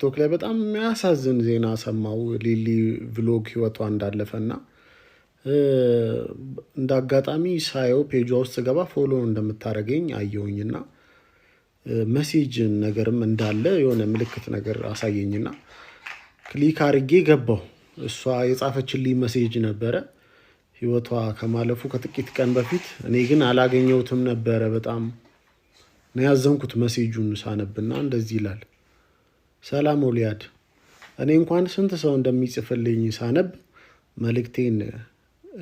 ቲክቶክ ላይ በጣም የሚያሳዝን ዜና ሰማው። ሊሊ ቭሎግ ህይወቷ እንዳለፈና እንደ አጋጣሚ ሳየው ፔጇ ውስጥ ገባ ፎሎ እንደምታደርገኝ አየውኝና መሴጅ ነገርም እንዳለ የሆነ ምልክት ነገር አሳየኝና ክሊክ አርጌ ገባው። እሷ የጻፈችልኝ መሴጅ ነበረ ህይወቷ ከማለፉ ከጥቂት ቀን በፊት። እኔ ግን አላገኘውትም ነበረ። በጣም ነው ያዘንኩት መሴጁን ሳነብና እንደዚህ ይላል ሰላም ወልያድ፣ እኔ እንኳን ስንት ሰው እንደሚጽፍልኝ ሳነብ መልእክቴን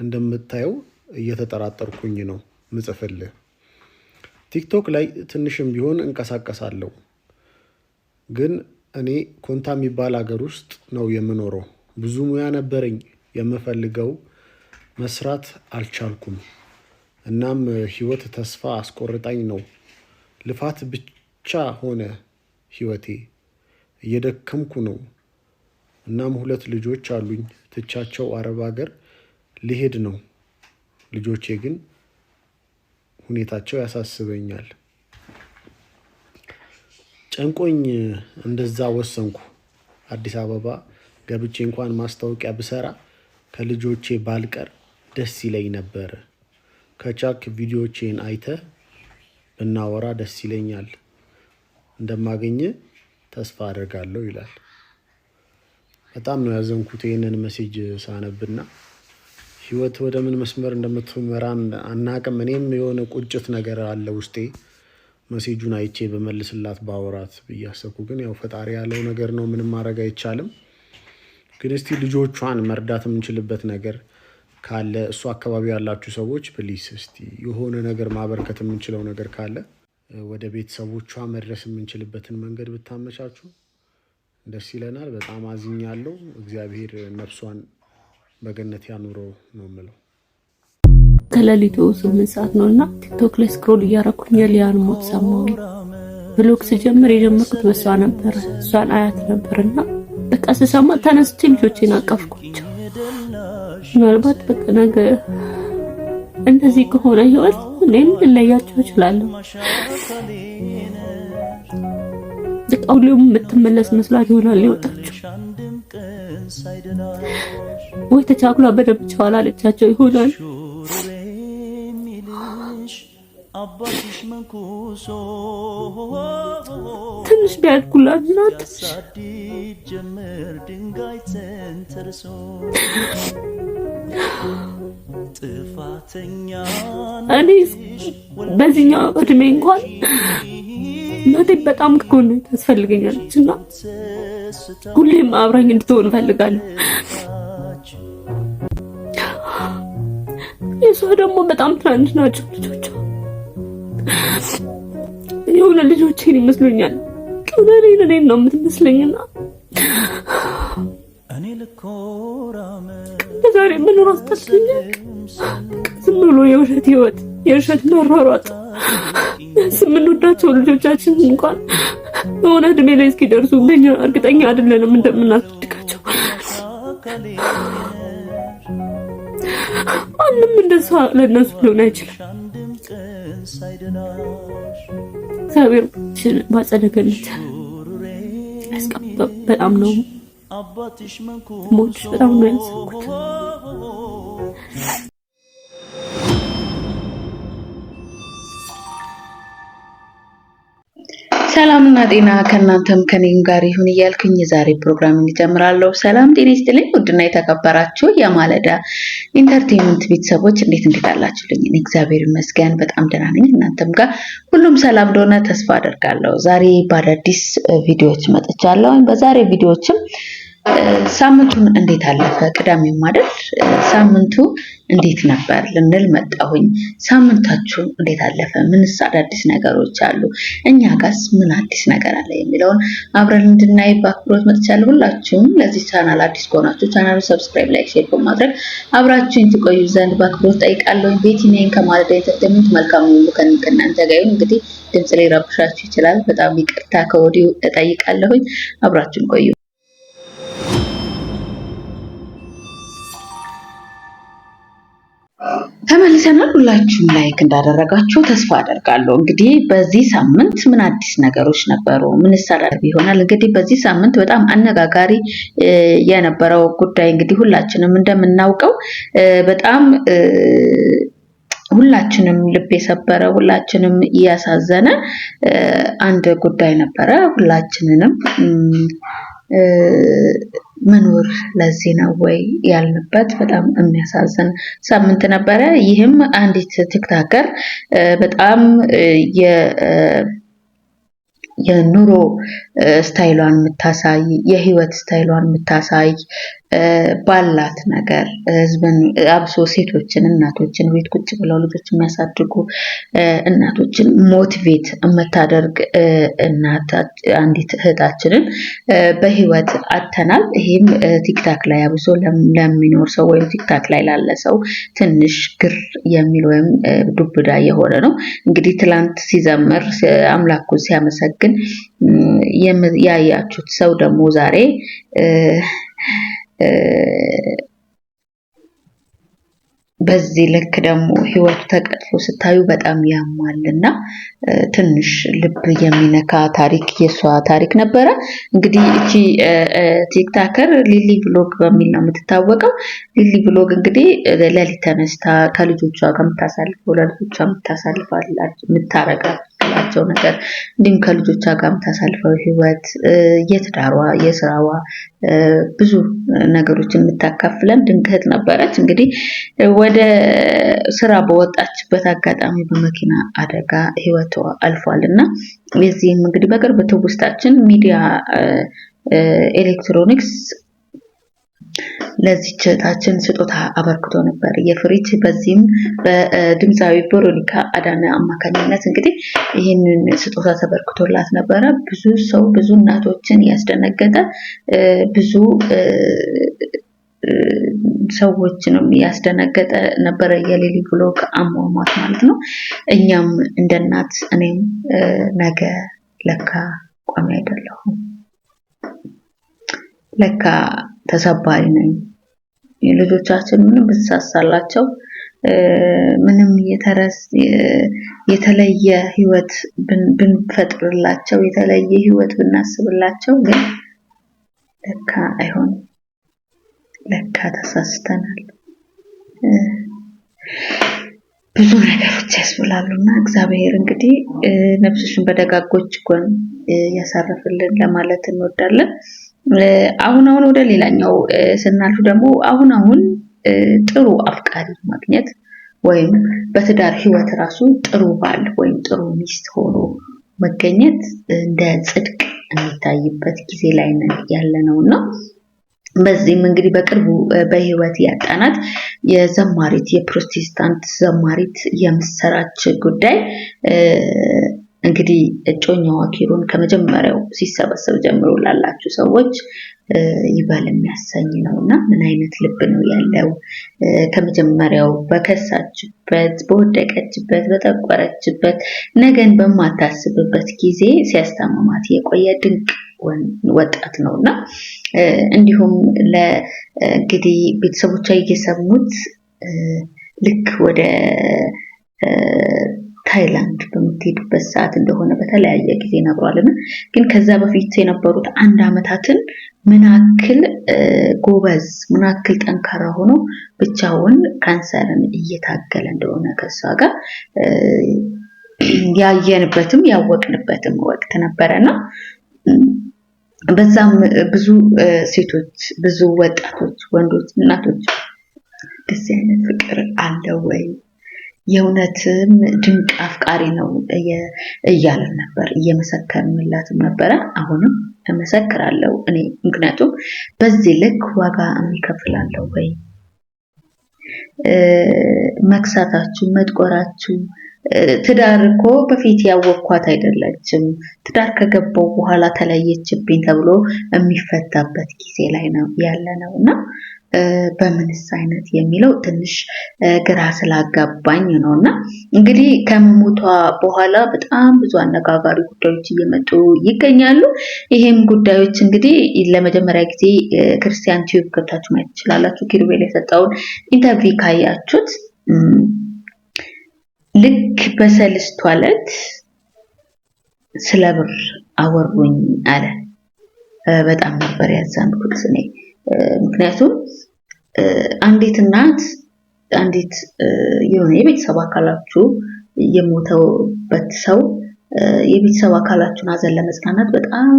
እንደምታየው እየተጠራጠርኩኝ ነው ምጽፍልህ። ቲክቶክ ላይ ትንሽም ቢሆን እንቀሳቀሳለሁ፣ ግን እኔ ኮንታ የሚባል ሀገር ውስጥ ነው የምኖረው። ብዙ ሙያ ነበረኝ የምፈልገው መስራት አልቻልኩም። እናም ህይወት ተስፋ አስቆርጣኝ ነው። ልፋት ብቻ ሆነ ህይወቴ። እየደከምኩ ነው። እናም ሁለት ልጆች አሉኝ። ትቻቸው አረብ ሀገር ሊሄድ ነው። ልጆቼ ግን ሁኔታቸው ያሳስበኛል። ጨንቆኝ እንደዛ ወሰንኩ። አዲስ አበባ ገብቼ እንኳን ማስታወቂያ ብሰራ ከልጆቼ ባልቀር ደስ ይለኝ ነበር። ከቻክ ቪዲዮቼን አይተ ብናወራ ደስ ይለኛል። እንደማገኘ ተስፋ አደርጋለሁ ይላል። በጣም ነው ያዘንኩት ይህንን መሴጅ ሳነብና ህይወት ወደ ምን መስመር እንደምትመራን አናቅም። እኔም የሆነ ቁጭት ነገር አለ ውስጤ መሴጁን አይቼ በመልስላት ባወራት ብያሰብኩ፣ ግን ያው ፈጣሪ ያለው ነገር ነው፣ ምንም ማድረግ አይቻልም። ግን እስቲ ልጆቿን መርዳት የምንችልበት ነገር ካለ እሱ አካባቢ ያላችሁ ሰዎች ፕሊስ እስቲ የሆነ ነገር ማበርከት የምንችለው ነገር ካለ ወደ ቤተሰቦቿ መድረስ የምንችልበትን መንገድ ብታመቻቹ ደስ ይለናል። በጣም አዝኛለሁ። እግዚአብሔር ነፍሷን በገነት ያኑረው ነው የምለው። ከሌሊቱ ስምንት ሰዓት ነው እና ቲክቶክ ላይ ስክሮል እያረኩኝ የሊያን ሞት ሰማሁ። ብሎክ ስጀምር የጀመርኩት በእሷ ነበረ። እሷን አያት ነበር እና በቃ ስሰማ ተነስቼ ልጆቼን አቀፍኳቸው። ምናልባት በቃ ነገ እንደዚህ ከሆነ ህይወት እኔም ልለያቸው እችላለሁ። ሁሌም የምትመለስ መስላት ይሆናል ሊወጣችሁ ወይ ተቻኩላ በደብቻ አላለቻቸው ይሆናል። ትንሽ ቢያድጉላት ናት ትንሽ እኔ በዚህኛው እድሜ እንኳን እናቴ በጣም ከጎን ታስፈልገኛለች እና ሁሌም አብራኝ እንድትሆን እፈልጋለሁ። የእሷ ደግሞ በጣም ትናንሽ ናቸው ልጆቿ። የሆነ ልጆችን ይመስሉኛል። እውነት እኔን ነው የምትመስለኝና ዛሬ የምኖር አስጠልቶኛል። ዝም ብሎ የውሸት ህይወት፣ የውሸት መሯሯጥ የምንወዳቸው ልጆቻችን እንኳን በሆነ እድሜ ላይ እስኪደርሱ በኛ እርግጠኛ አይደለንም እንደምናሳድጋቸው። ማንም እንደዛ ለእነሱ ሊሆን አይችልም። እግዚአብሔር ባጸደ ገነት በጣም ነው። Muitos serão ሰላምና ጤና ከእናንተም ከኔም ጋር ይሁን እያልኩኝ የዛሬ ፕሮግራም እንጀምራለሁ። ሰላም ጤና ይስጥልኝ። ውድና የተከበራችሁ የማለዳ ኢንተርቴንመንት ቤተሰቦች እንዴት እንዴት አላችሁልኝ? እኔ እግዚአብሔር ይመስገን በጣም ደህና ነኝ። እናንተም ጋር ሁሉም ሰላም እንደሆነ ተስፋ አደርጋለሁ። ዛሬ በአዳዲስ ቪዲዮዎች መጥቻለሁ። በዛሬ ቪዲዮዎችም ሳምንቱን እንዴት አለፈ? ቅዳሜ ማደር ሳምንቱ እንዴት ነበር ልንል መጣሁኝ። ሳምንታችሁ እንዴት አለፈ? ምንስ አዳዲስ ነገሮች አሉ? እኛ ጋስ ምን አዲስ ነገር አለ የሚለውን አብረን እንድናይ በአክብሮት መጥቻለሁ። ሁላችሁም ለዚህ ቻናል አዲስ ከሆናችሁ ቻናሉ ሰብስክራይብ፣ ላይክ፣ ሼር በማድረግ አብራችሁኝ ትቆዩ ዘንድ በአክብሮት ጠይቃለሁ። ቤቲ ነኝ ከማለዳ ኢንተርቴንመንት። መልካም ሁሉ ከእናንተ ጋር ይሁን። እንግዲህ ድምፅ ላይ ረብሻችሁ ይችላል። በጣም ይቅርታ ከወዲሁ እጠይቃለሁኝ። አብራችሁን ቆዩ። ተመልሰናል። ሁላችሁም ላይክ እንዳደረጋችሁ ተስፋ አደርጋለሁ። እንግዲህ በዚህ ሳምንት ምን አዲስ ነገሮች ነበሩ? ምን ይሰራል ይሆናል? እንግዲህ በዚህ ሳምንት በጣም አነጋጋሪ የነበረው ጉዳይ እንግዲህ ሁላችንም እንደምናውቀው በጣም ሁላችንም ልብ የሰበረ ሁላችንም እያሳዘነ አንድ ጉዳይ ነበረ። ሁላችንንም መኖር ለዚህ ነው ወይ ያልንበት በጣም የሚያሳዝን ሳምንት ነበረ። ይህም አንዲት ቲክታከር በጣም የኑሮ ስታይሏን የምታሳይ የህይወት ስታይሏን የምታሳይ ባላት ነገር ህዝብን አብሶ ሴቶችን፣ እናቶችን ቤት ቁጭ ብለው ልጆች የሚያሳድጉ እናቶችን ሞቲቬት የምታደርግ እናት አንዲት እህታችንን በህይወት አተናል። ይህም ቲክታክ ላይ አብሶ ለሚኖር ሰው ወይም ቲክታክ ላይ ላለ ሰው ትንሽ ግር የሚል ወይም ዱብዳ የሆነ ነው። እንግዲህ ትላንት ሲዘምር አምላኩን ሲያመሰግን ያያችሁት ሰው ደግሞ ዛሬ በዚህ ልክ ደግሞ ህይወቱ ተቀጥፎ ስታዩ በጣም ያማል እና ትንሽ ልብ የሚነካ ታሪክ የሷ ታሪክ ነበረ። እንግዲህ እቺ ቲክታከር ሊሊ ብሎግ በሚል ነው የምትታወቀው። ሊሊ ብሎግ እንግዲህ ለሊት ተነስታ ከልጆቿ ጋር የምታሳልፈው ለልጆቿ የምታሳልፋ የምታረጋት የሚያስፈልጋቸው ነገር እንዲሁም ከልጆቿ ጋር የምታሳልፈው ህይወት፣ የትዳሯ፣ የስራዋ ብዙ ነገሮችን የምታካፍለን ድንቅ እህት ነበረች። እንግዲህ ወደ ስራ በወጣችበት አጋጣሚ በመኪና አደጋ ህይወቷ አልፏል እና የዚህም እንግዲህ በቅርብ ትውስታችን ሚዲያ ኤሌክትሮኒክስ ለዚች እህታችን ስጦታ አበርክቶ ነበር የፍሪጅ። በዚህም በድምፃዊ ቬሮኒካ አዳነ አማካኝነት እንግዲህ ይህንን ስጦታ ተበርክቶላት ነበረ። ብዙ ሰው ብዙ እናቶችን ያስደነገጠ ብዙ ሰዎችንም ያስደነገጠ ነበረ የሌሊ ብሎግ አሟሟት ማለት ነው። እኛም እንደ እናት እኔም ነገ ለካ ቋሚ አይደለሁም ለካ ተሰባሪ ነኝ። ልጆቻችን ምንም ብትሳሳላቸው ምንም የተለየ ህይወት ብንፈጥርላቸው የተለየ ህይወት ብናስብላቸው ግን ለካ አይሆንም። ለካ ተሳስተናል። ብዙ ነገሮች ያስብላሉ እና እግዚአብሔር እንግዲህ ነፍሶችን በደጋጎች ጎን ያሳርፍልን ለማለት እንወዳለን። አሁን አሁን ወደ ሌላኛው ስናልፍ ደግሞ አሁን አሁን ጥሩ አፍቃሪ ማግኘት ወይም በትዳር ህይወት ራሱ ጥሩ ባል ወይም ጥሩ ሚስት ሆኖ መገኘት እንደ ጽድቅ የሚታይበት ጊዜ ላይ ያለ ነው እና በዚህም እንግዲህ በቅርቡ በህይወት ያጣናት የዘማሪት የፕሮቴስታንት ዘማሪት የምስራች ጉዳይ እንግዲህ እጮኛዋ ኪሩን ከመጀመሪያው ሲሰበሰብ ጀምሮ ላላችሁ ሰዎች ይበል የሚያሰኝ ነው እና ምን አይነት ልብ ነው ያለው? ከመጀመሪያው በከሳችበት፣ በወደቀችበት፣ በጠቆረችበት ነገን በማታስብበት ጊዜ ሲያስተማማት የቆየ ድንቅ ወጣት ነው እና እንዲሁም ለእንግዲህ ቤተሰቦቿ እየሰሙት ልክ ወደ ታይላንድ በምትሄዱበት ሰዓት እንደሆነ በተለያየ ጊዜ ነግሯልና ግን ከዛ በፊት የነበሩት አንድ ዓመታትን ምናክል ጎበዝ ምናክል ጠንካራ ሆኖ ብቻውን ካንሰርን እየታገለ እንደሆነ ከእሷ ጋር ያየንበትም ያወቅንበትም ወቅት ነበረና በዛም ብዙ ሴቶች፣ ብዙ ወጣቶች፣ ወንዶች፣ እናቶች እንደዚህ አይነት ፍቅር አለ ወይ የእውነትም ድንቅ አፍቃሪ ነው እያለን ነበር፣ እየመሰከርንላትም ነበረ። አሁንም እመሰክራለሁ እኔ ምክንያቱም በዚህ ልክ ዋጋ የሚከፍላለሁ ወይ መክሳታችሁ፣ መጥቆራችሁ ትዳር እኮ በፊት ያወቅኳት አይደለችም፣ ትዳር ከገባው በኋላ ተለየችብኝ ተብሎ የሚፈታበት ጊዜ ላይ ነው ያለ ነው እና በምንስ አይነት የሚለው ትንሽ ግራ ስላጋባኝ ነው። እና እንግዲህ ከመሞቷ በኋላ በጣም ብዙ አነጋጋሪ ጉዳዮች እየመጡ ይገኛሉ። ይሄም ጉዳዮች እንግዲህ ለመጀመሪያ ጊዜ ክርስቲያን ቲዩብ ገብታችሁ ማየት ትችላላችሁ። ኪሩቤል የሰጠውን ኢንተርቪው ካያችሁት ልክ በሰልስቱ ዕለት ስለ ብር አወሩኝ አለ። በጣም ነበር ያዘንኩት እኔ። ምክንያቱም አንዲት እናት አንዲት የሆነ የቤተሰብ አካላችሁ የሞተበት ሰው የቤተሰብ አካላችሁን ሀዘን ለመጽናናት በጣም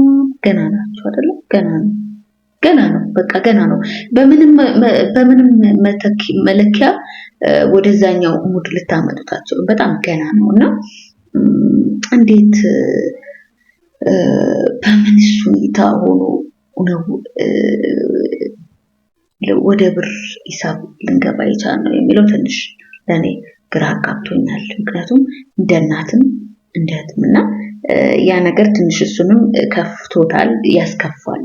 ገና ናችሁ አይደለም? ገና ነው፣ ገና ነው፣ በቃ ገና ነው። በምንም መለኪያ ወደዛኛው ሙድ ልታመጡታቸው በጣም ገና ነው እና እንዴት በምን ሁኔታ ሆኖ ነው ወደ ብር ሂሳብ ልንገባ የቻል ነው የሚለው ትንሽ ለእኔ ግራ አጋብቶኛል። ምክንያቱም እንደ እናትም እንደ እህትም እና ያ ነገር ትንሽ እሱንም ከፍቶታል፣ ያስከፋል።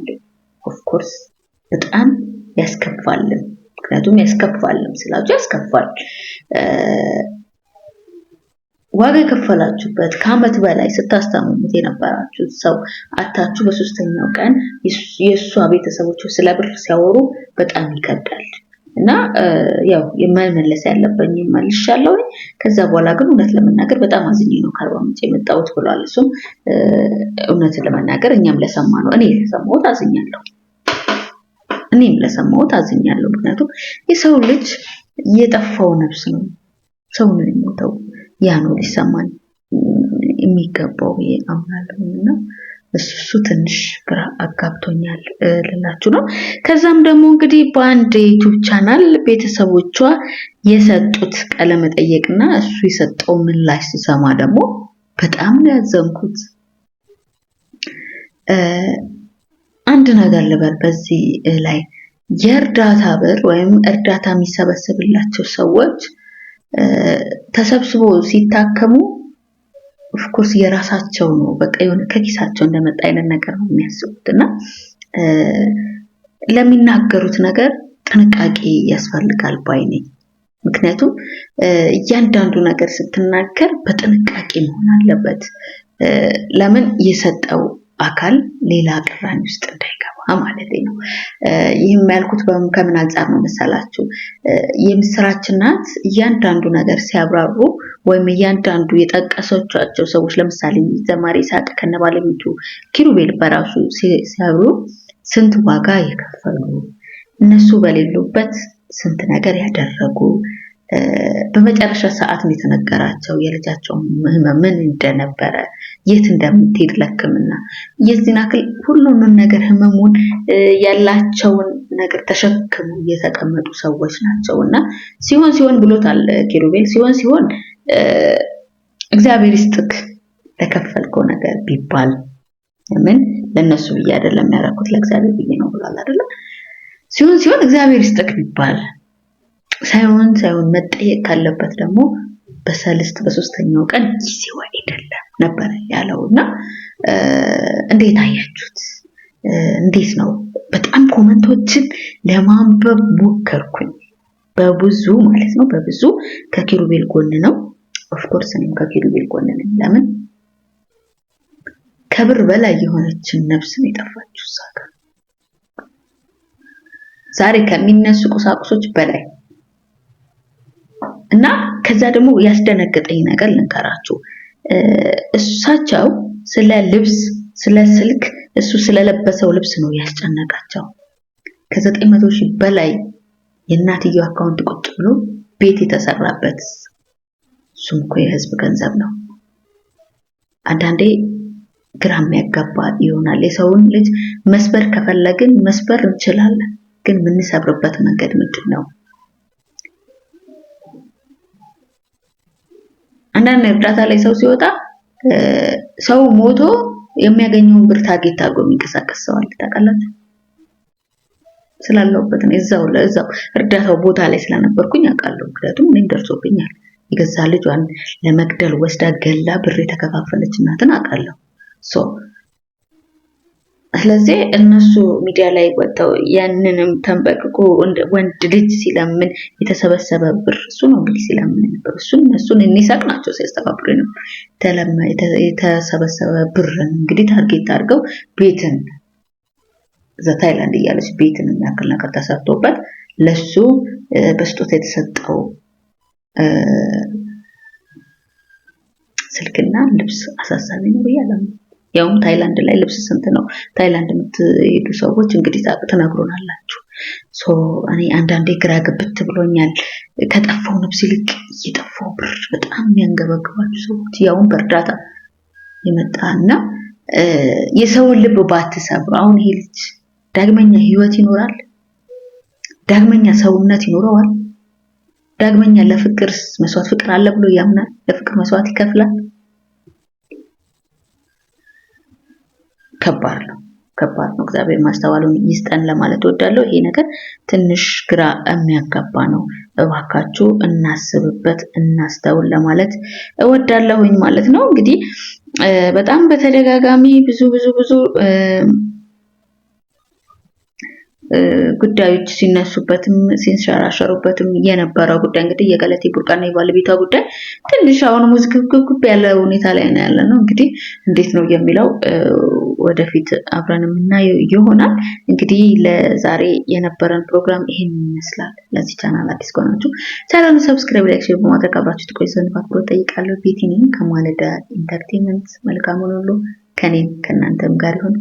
ኦፍኮርስ በጣም ያስከፋልም ምክንያቱም ያስከፋልም ስላቸው ያስከፋል ዋጋ የከፈላችሁበት ከዓመት በላይ ስታስታምሙት የነበራችሁ ሰው አታችሁ በሶስተኛው ቀን የእሷ ቤተሰቦች ስለ ብር ሲያወሩ በጣም ይከብዳል እና ያው የመመለስ ያለበኝ መልሻለሁ። ከዛ በኋላ ግን እውነት ለመናገር በጣም አዝኜ ነው ከአርባ ምንጭ የመጣሁት ብሏል። እሱም እውነትን ለመናገር እኛም ለሰማ ነው እኔ ለሰማሁት አዝኛለሁ። እኔም ለሰማሁት አዝኛለሁ። ምክንያቱም የሰው ልጅ የጠፋው ነፍስ ነው። ሰው ምን የሞተው። ያ ነው ሊሰማን የሚገባው ብዬ አምናለሁ እና እሱ ትንሽ ግራ አጋብቶኛል ልላችሁ ነው። ከዛም ደግሞ እንግዲህ በአንድ ዩቲዩብ ቻናል ቤተሰቦቿ የሰጡት ቃለ መጠየቅና እሱ የሰጠው ምላሽ ስሰማ ደግሞ በጣም ነው ያዘንኩት። አንድ ነገር ልበል በዚህ ላይ የእርዳታ ብር ወይም እርዳታ የሚሰበስብላቸው ሰዎች ተሰብስቦ ሲታከሙ ኦፍኮርስ የራሳቸው ነው። በቃ የሆነ ከኪሳቸው እንደመጣ አይነት ነገር ነው የሚያስቡት እና ለሚናገሩት ነገር ጥንቃቄ ያስፈልጋል ባይ ነኝ። ምክንያቱም እያንዳንዱ ነገር ስትናገር በጥንቃቄ መሆን አለበት። ለምን የሰጠው አካል ሌላ ቅራኔ ውስጥ እንዳይ ማለት ነው። ይህም ያልኩት ከምን አንጻር ነው መሰላችሁ? የምስራች እናት እያንዳንዱ ነገር ሲያብራሩ ወይም እያንዳንዱ የጠቀሰቻቸው ሰዎች ለምሳሌ ዘማሪ ሳቅ ከነባለቤቱ ኪሩቤል በራሱ ሲያብሩ ስንት ዋጋ የከፈሉ እነሱ በሌሉበት ስንት ነገር ያደረጉ በመጨረሻ ሰዓት ነው የተነገራቸው የልጃቸው ህመም ምን እንደነበረ የት እንደምትሄድ ለሕክምና የዚህን አክል ሁሉንም ነገር ህመሙን ያላቸውን ነገር ተሸክሙ እየተቀመጡ ሰዎች ናቸው እና ሲሆን ሲሆን ብሎታል ኪሩቤል ሲሆን ሲሆን እግዚአብሔር ይስጥክ ለከፈልከው ነገር ቢባል ምን ለእነሱ ብዬ አይደለም ያደረኩት ለእግዚአብሔር ብዬ ነው ብሏል አይደለም ሲሆን ሲሆን እግዚአብሔር ይስጥክ ቢባል ሳይሆን ሳይሆን መጠየቅ ካለበት ደግሞ በሰልስት በሶስተኛው ቀን ጊዜው አይደለም ነበር ያለው እና እንዴት አያችሁት? እንዴት ነው? በጣም ኮመንቶችን ለማንበብ ሞከርኩኝ። በብዙ ማለት ነው በብዙ ከኪሩቤል ጎን ነው። ኦፍኮርስ እኔም ከኪሩቤል ጎን ነኝ። ለምን ከብር በላይ የሆነችን ነፍስን የጠፋችሁ እዛ ጋር ዛሬ ከሚነሱ ቁሳቁሶች በላይ እና ከዛ ደግሞ ያስደነገጠኝ ነገር ልንከራችሁ። እሳቸው ስለ ልብስ፣ ስለ ስልክ እሱ ስለለበሰው ልብስ ነው ያስጨነቃቸው። ከዘጠኝ መቶ ሺህ በላይ የእናትየው አካውንት ቁጭ ብሎ ቤት የተሰራበት እሱም እኮ የህዝብ ገንዘብ ነው። አንዳንዴ ግራ የሚያጋባ ይሆናል። የሰውን ልጅ መስበር ከፈለግን መስበር እንችላለን፣ ግን የምንሰብርበት መንገድ ምንድን ነው? አንዳንድ እርዳታ ላይ ሰው ሲወጣ ሰው ሞቶ የሚያገኘውን ብር ታርጌት አድርጎ የሚንቀሳቀስ ሰው አለ ታውቃላችሁ። ስላለሁበት ነው እዛው ለእዛው እርዳታው ቦታ ላይ ስለነበርኩኝ አውቃለሁ። ምክንያቱም እኔም ደርሶብኛል። የገዛ ልጇን ለመግደል ወስዳ ገላ ብር የተከፋፈለች እናትን አውቃለሁ። ስለዚህ እነሱ ሚዲያ ላይ ወጥተው ያንንም ተንበቅቆ ወንድ ልጅ ሲለምን የተሰበሰበ ብር እሱ ነው እንግዲህ ሲለምን ነበር። እሱን እነሱን እኒሳቅ ናቸው ሲያስተባብሩ የተሰበሰበ ብርን እንግዲህ ታርጌት አድርገው ቤትን ዘ ታይላንድ እያለች ቤትን የሚያክል ነገር ተሰርቶበት ለሱ በስጦታ የተሰጠው ስልክና ልብስ አሳሳቢ ነው ብያለሁ። ያውም ታይላንድ ላይ ልብስ ስንት ነው? ታይላንድ የምትሄዱ ሰዎች እንግዲህ ትነግሮናላችሁ። እኔ አንዳንዴ ግራ ግብት ብሎኛል። ከጠፋው ነብስ ይልቅ እየጠፋው ብር በጣም የሚያንገበግባችሁ ሰዎች ያውም በእርዳታ የመጣ እና የሰውን ልብ ባትሰብሩ። አሁን ይሄ ልጅ ዳግመኛ ህይወት ይኖራል? ዳግመኛ ሰውነት ይኖረዋል? ዳግመኛ ለፍቅር መስዋዕት ፍቅር አለ ብሎ ያምናል? ለፍቅር መስዋዕት ይከፍላል? ከባድ ነው ከባድ ነው። እግዚአብሔር ማስተዋሉን ይስጠን ለማለት እወዳለሁ። ይሄ ነገር ትንሽ ግራ የሚያጋባ ነው። እባካችሁ እናስብበት፣ እናስተውል ለማለት እወዳለሁኝ ማለት ነው። እንግዲህ በጣም በተደጋጋሚ ብዙ ብዙ ብዙ ጉዳዮች ሲነሱበትም ሲንሸራሸሩበትም የነበረው ጉዳይ እንግዲህ የገለቴ ቡርቃና የባለቤቷ ጉዳይ ትንሽ አሁን ውዝግብግብ ያለ ሁኔታ ላይ ነው ያለ ነው። እንግዲህ እንዴት ነው የሚለው ወደፊት አብረን የምናየው ይሆናል። እንግዲህ ለዛሬ የነበረን ፕሮግራም ይሄን ይመስላል። ለዚህ ቻናል አዲስ ከሆናችሁ ቻናሉን ሰብስክራይብ፣ ላይክ፣ ሼር በማድረግ አብራችሁ ትቆዩ ዘንድ በአክብሮት እጠይቃለሁ። ቤቲ ነኝ ከማለዳ ኢንተርቴንመንት። መልካሙን ሁሉ ከኔም ከእናንተም ጋር ይሁን።